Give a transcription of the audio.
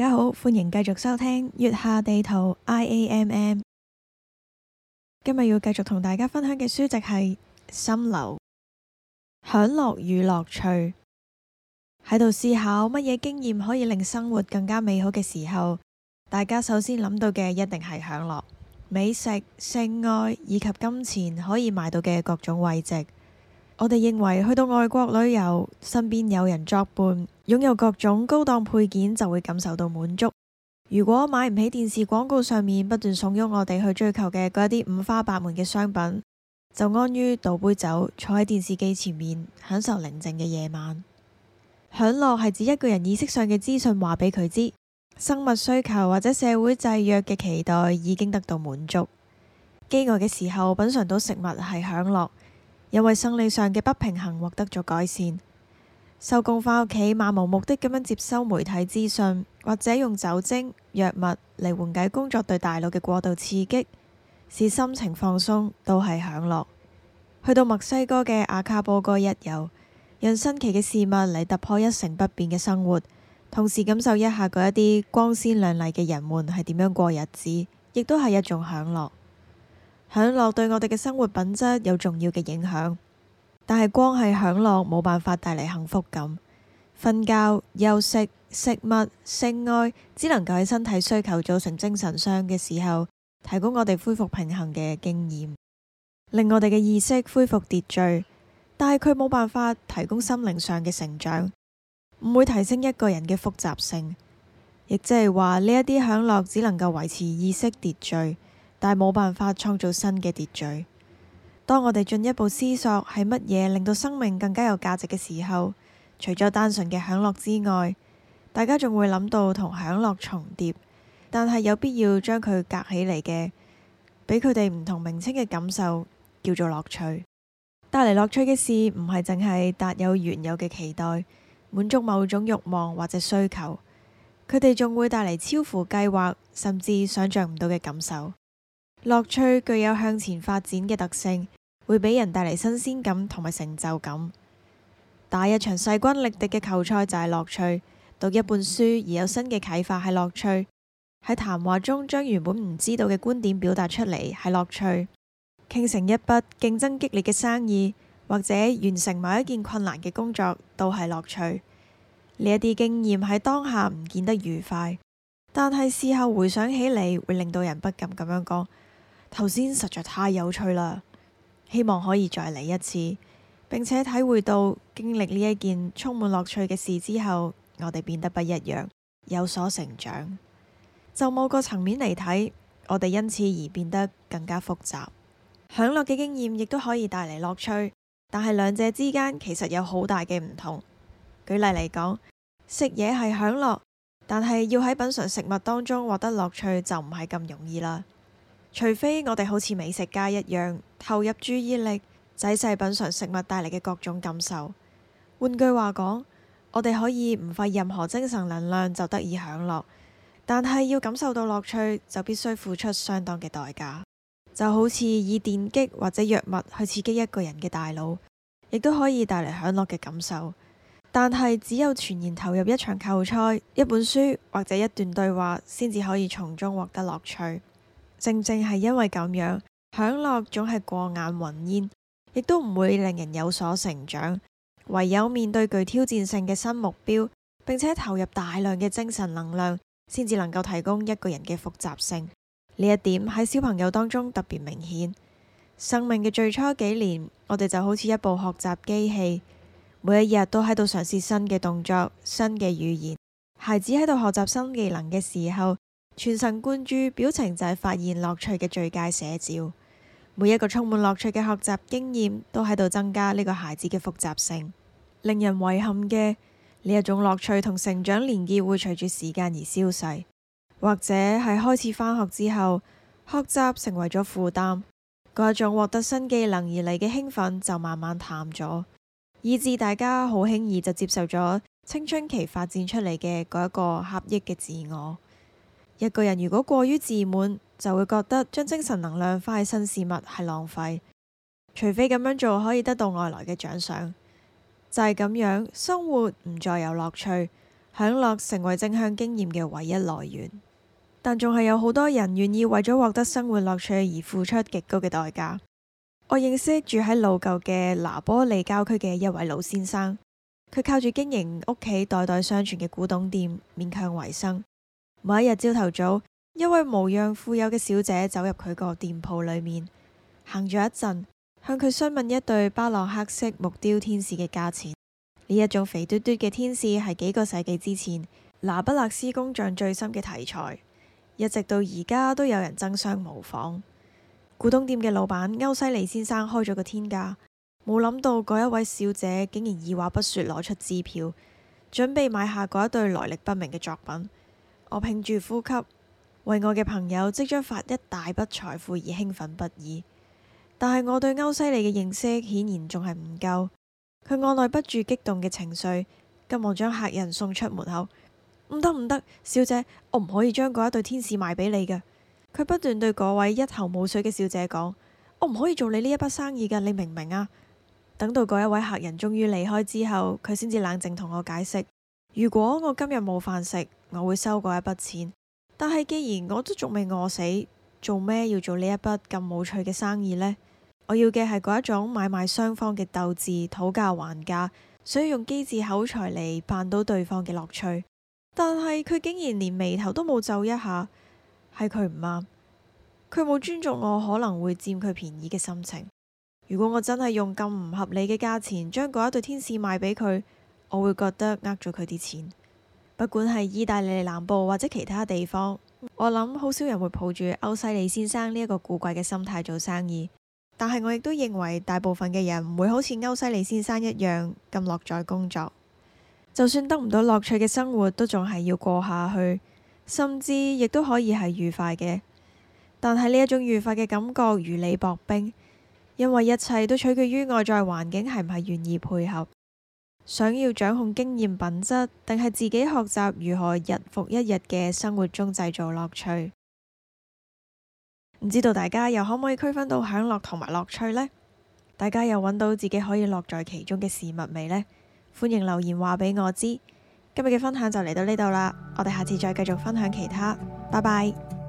大家好，歡迎繼續收聽月下地圖 I A M M。今日要繼續同大家分享嘅書籍係《心流：享樂與樂趣》。喺度思考乜嘢經驗可以令生活更加美好嘅時候，大家首先諗到嘅一定係享樂、美食、性愛以及金錢可以買到嘅各種慰藉。我哋認為，去到外國旅遊，身邊有人作伴，擁有各種高檔配件，就會感受到滿足。如果買唔起電視廣告上面不斷慫恿我哋去追求嘅嗰一啲五花八門嘅商品，就安於倒杯酒，坐喺電視機前面，享受寧靜嘅夜晚。享樂係指一個人意識上嘅資訊話俾佢知，生物需求或者社會制約嘅期待已經得到滿足。飢餓嘅時候，品嘗到食物係享樂。因為生理上嘅不平衡獲得咗改善，收工返屋企漫無目的咁樣接收媒體資訊，或者用酒精、藥物嚟緩解工作對大腦嘅過度刺激，使心情放鬆都係享樂。去到墨西哥嘅阿卡波哥一遊，用新奇嘅事物嚟突破一成不變嘅生活，同時感受一下嗰一啲光鮮亮麗嘅人們係點樣過日子，亦都係一種享樂。享樂對我哋嘅生活品質有重要嘅影響，但係光係享樂冇辦法帶嚟幸福感。瞓覺、休息、食物、性愛，只能夠喺身體需求造成精神傷嘅時候，提供我哋恢復平衡嘅經驗，令我哋嘅意識恢復秩序。但係佢冇辦法提供心靈上嘅成長，唔會提升一個人嘅複雜性，亦即係話呢一啲享樂只能夠維持意識秩序。但冇辦法創造新嘅秩序。當我哋進一步思索係乜嘢令到生命更加有價值嘅時候，除咗單純嘅享樂之外，大家仲會諗到同享樂重疊，但係有必要將佢隔起嚟嘅，俾佢哋唔同名稱嘅感受叫做樂趣。帶嚟樂趣嘅事唔係淨係達有原有嘅期待，滿足某種欲望或者需求，佢哋仲會帶嚟超乎計劃甚至想象唔到嘅感受。樂趣具有向前發展嘅特性，會俾人帶嚟新鮮感同埋成就感。打一場勢均力敵嘅球賽就係樂趣，讀一本書而有新嘅啟發係樂趣，喺談話中將原本唔知道嘅觀點表達出嚟係樂趣，傾成一筆競爭激烈嘅生意或者完成某一件困難嘅工作都係樂趣。呢一啲經驗喺當下唔見得愉快，但係事後回想起嚟會令到人不禁咁樣講。頭先實在太有趣啦，希望可以再嚟一次。並且體會到經歷呢一件充滿樂趣嘅事之後，我哋變得不一樣，有所成長。就某個層面嚟睇，我哋因此而變得更加複雜。享樂嘅經驗亦都可以帶嚟樂趣，但係兩者之間其實有好大嘅唔同。舉例嚟講，食嘢係享樂，但係要喺品嚐食物當中獲得樂趣就唔係咁容易啦。除非我哋好似美食家一樣，投入注意力，仔細品嘗食物帶嚟嘅各種感受。換句話講，我哋可以唔費任何精神能量就得以享樂，但係要感受到樂趣，就必須付出相當嘅代價。就好似以電擊或者藥物去刺激一個人嘅大腦，亦都可以帶嚟享樂嘅感受，但係只有全然投入一場球賽、一本書或者一段對話，先至可以從中獲得樂趣。正正係因為咁樣，享樂總係過眼雲煙，亦都唔會令人有所成長。唯有面對具挑戰性嘅新目標，並且投入大量嘅精神能量，先至能夠提供一個人嘅複雜性。呢一點喺小朋友當中特別明顯。生命嘅最初幾年，我哋就好似一部學習機器，每一日都喺度嘗試新嘅動作、新嘅語言。孩子喺度學習新技能嘅時候，全神貫注，表情就係發現樂趣嘅最佳寫照。每一個充滿樂趣嘅學習經驗都喺度增加呢個孩子嘅複雜性。令人遺憾嘅呢一種樂趣同成長連結，會隨住時間而消逝，或者係開始返學之後，學習成為咗負擔。嗰一種獲得新技能而嚟嘅興奮就慢慢淡咗，以致大家好輕易就接受咗青春期發展出嚟嘅嗰一個狹隘嘅自我。一個人如果過於自滿，就會覺得將精神能量花喺新事物係浪費，除非咁樣做可以得到外來嘅獎賞，就係咁樣生活唔再有樂趣，享樂成為正向經驗嘅唯一來源。但仲係有好多人願意為咗獲得生活樂趣而付出極高嘅代價。我認識住喺老舊嘅拿波利郊區嘅一位老先生，佢靠住經營屋企代代相傳嘅古董店勉強維生。每一日朝頭早，一位模樣富有嘅小姐走入佢個店鋪裏面，行咗一陣，向佢詢問一對巴洛克式木雕天使嘅價錢。呢一種肥嘟嘟嘅天使係幾個世紀之前拿不勒斯工匠最深嘅題材，一直到而家都有人爭相模仿。古董店嘅老闆歐西尼先生開咗個天價，冇諗到嗰一位小姐竟然二話不說攞出支票，準備買下嗰一對來歷不明嘅作品。我屏住呼吸，為我嘅朋友即將發一大筆財富而興奮不已。但係我對歐西利嘅認識顯然仲係唔夠。佢按捺不住激動嘅情緒，急忙將客人送出門口。唔得唔得，小姐，我唔可以將嗰一對天使賣俾你嘅。佢不斷對嗰位一頭霧水嘅小姐講：我唔可以做你呢一筆生意㗎，你明唔明啊？等到嗰一位客人終於離開之後，佢先至冷靜同我解釋：如果我今日冇飯食。我會收過一筆錢，但係既然我都仲未餓死，做咩要做呢一筆咁冇趣嘅生意呢？我要嘅係嗰一種買賣雙方嘅鬥智討價還價，所以用機智口才嚟扮到對方嘅樂趣。但係佢竟然連眉頭都冇皺一下，係佢唔啱，佢冇尊重我可能會佔佢便宜嘅心情。如果我真係用咁唔合理嘅價錢將嗰一對天使賣俾佢，我會覺得呃咗佢啲錢。不管係意大利南部或者其他地方，我諗好少人會抱住歐西利先生呢一個古怪嘅心態做生意。但係我亦都認為大部分嘅人唔會好似歐西利先生一樣咁樂在工作。就算得唔到樂趣嘅生活，都仲係要過下去，甚至亦都可以係愉快嘅。但係呢一種愉快嘅感覺如履薄冰，因為一切都取決於外在環境係唔係願意配合。想要掌控經驗品質，定係自己學習如何日復一日嘅生活中製造樂趣。唔知道大家又可唔可以區分到享樂同埋樂趣呢？大家又揾到自己可以樂在其中嘅事物未呢？歡迎留言話俾我知。今日嘅分享就嚟到呢度啦，我哋下次再繼續分享其他。拜拜。